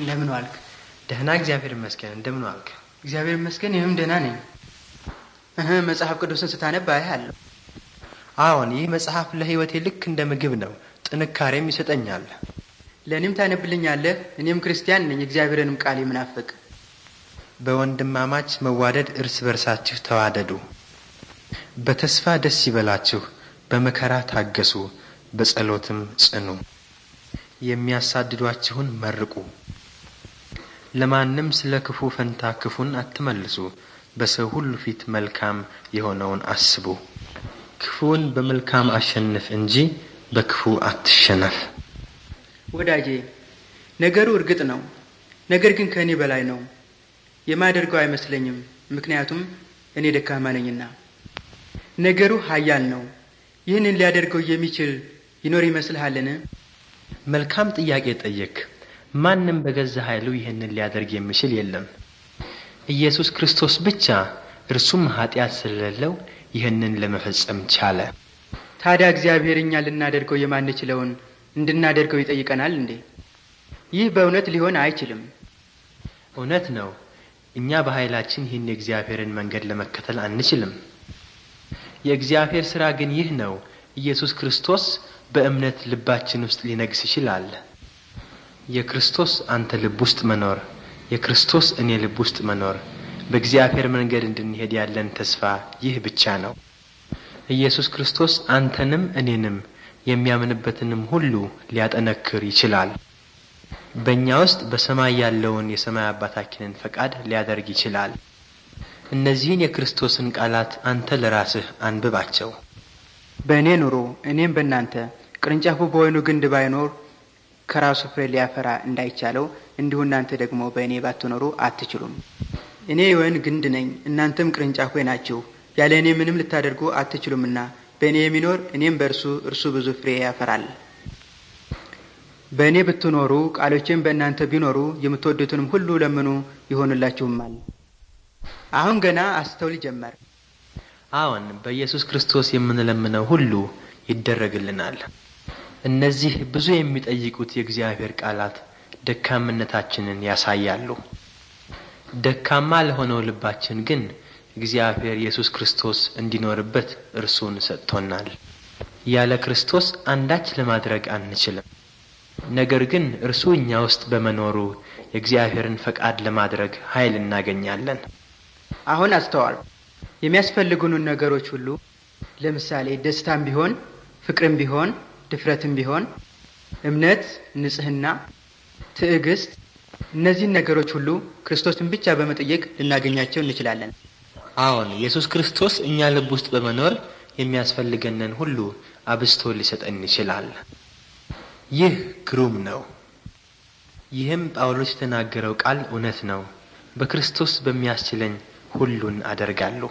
እንደምን ዋልክ? ደህና እግዚአብሔር ይመስገን። እንደምን ዋልክ? እግዚአብሔር ይመስገን። ይህም ደህና ነኝ። እህ መጽሐፍ ቅዱስን ስታነብ አለሁ። አዎን፣ ይህ መጽሐፍ ለህይወቴ ልክ እንደ ምግብ ነው። ጥንካሬም ይሰጠኛል። ለእኔም ታነብልኛለህ። እኔም ክርስቲያን ነኝ፣ እግዚአብሔርንም ቃል የምናፍቅ። በወንድማማች መዋደድ እርስ በርሳችሁ ተዋደዱ። በተስፋ ደስ ይበላችሁ፣ በመከራ ታገሱ፣ በጸሎትም ጽኑ። የሚያሳድዷችሁን መርቁ። ለማንም ስለ ክፉ ፈንታ ክፉን አትመልሱ፣ በሰው ሁሉ ፊት መልካም የሆነውን አስቡ። ክፉን በመልካም አሸንፍ እንጂ በክፉ አትሸነፍ። ወዳጄ ነገሩ እርግጥ ነው፣ ነገር ግን ከእኔ በላይ ነው። የማደርገው አይመስለኝም፣ ምክንያቱም እኔ ደካማ ነኝና። ነገሩ ሀያል ነው። ይህንን ሊያደርገው የሚችል ይኖር ይመስልሃልን? መልካም ጥያቄ ጠየቅ። ማንም በገዛ ኃይሉ ይህንን ሊያደርግ የሚችል የለም። ኢየሱስ ክርስቶስ ብቻ እርሱም ኃጢአት ስለሌለው ይህንን ለመፈጸም ቻለ። ታዲያ እግዚአብሔር እኛ ልናደርገው የማንችለውን እንድናደርገው ይጠይቀናል እንዴ? ይህ በእውነት ሊሆን አይችልም። እውነት ነው። እኛ በኃይላችን ይህን የእግዚአብሔርን መንገድ ለመከተል አንችልም። የእግዚአብሔር ሥራ ግን ይህ ነው። ኢየሱስ ክርስቶስ በእምነት ልባችን ውስጥ ሊነግስ ይችላል። የክርስቶስ አንተ ልብ ውስጥ መኖር የክርስቶስ እኔ ልብ ውስጥ መኖር በእግዚአብሔር መንገድ እንድንሄድ ያለን ተስፋ ይህ ብቻ ነው። ኢየሱስ ክርስቶስ አንተንም እኔንም የሚያምንበትንም ሁሉ ሊያጠነክር ይችላል። በእኛ ውስጥ በሰማይ ያለውን የሰማይ አባታችንን ፈቃድ ሊያደርግ ይችላል። እነዚህን የክርስቶስን ቃላት አንተ ለራስህ አንብባቸው። በእኔ ኑሮ እኔም በእናንተ ቅርንጫፉ በወይኑ ግንድ ባይኖር ከራሱ ፍሬ ሊያፈራ እንዳይቻለው እንዲሁ እናንተ ደግሞ በእኔ ባትኖሩ አትችሉም። እኔ የወን ግንድ ነኝ፣ እናንተም ቅርንጫፎ ናችሁ። ያለ እኔ ምንም ልታደርጉ አትችሉምና በእኔ የሚኖር እኔም በእርሱ እርሱ ብዙ ፍሬ ያፈራል። በእኔ ብትኖሩ ቃሎቼም በእናንተ ቢኖሩ የምትወዱትንም ሁሉ ለምኑ ይሆኑላችሁማል። አሁን ገና አስተውል ጀመር። አዎን፣ በኢየሱስ ክርስቶስ የምንለምነው ሁሉ ይደረግልናል። እነዚህ ብዙ የሚጠይቁት የእግዚአብሔር ቃላት ደካምነታችንን ያሳያሉ። ደካማ ለሆነው ልባችን ግን እግዚአብሔር ኢየሱስ ክርስቶስ እንዲኖርበት እርሱን ሰጥቶናል። ያለ ክርስቶስ አንዳች ለማድረግ አንችልም። ነገር ግን እርሱ እኛ ውስጥ በመኖሩ የእግዚአብሔርን ፈቃድ ለማድረግ ኃይል እናገኛለን። አሁን አስተዋል የሚያስፈልጉንን ነገሮች ሁሉ ለምሳሌ ደስታም ቢሆን ፍቅርም ቢሆን ድፍረትም ቢሆን እምነት፣ ንጽህና፣ ትዕግስት እነዚህን ነገሮች ሁሉ ክርስቶስን ብቻ በመጠየቅ ልናገኛቸው እንችላለን። አዎን ኢየሱስ ክርስቶስ እኛ ልብ ውስጥ በመኖር የሚያስፈልገንን ሁሉ አብስቶ ሊሰጠን ይችላል። ይህ ግሩም ነው። ይህም ጳውሎስ የተናገረው ቃል እውነት ነው። በክርስቶስ በሚያስችለኝ ሁሉን አደርጋለሁ።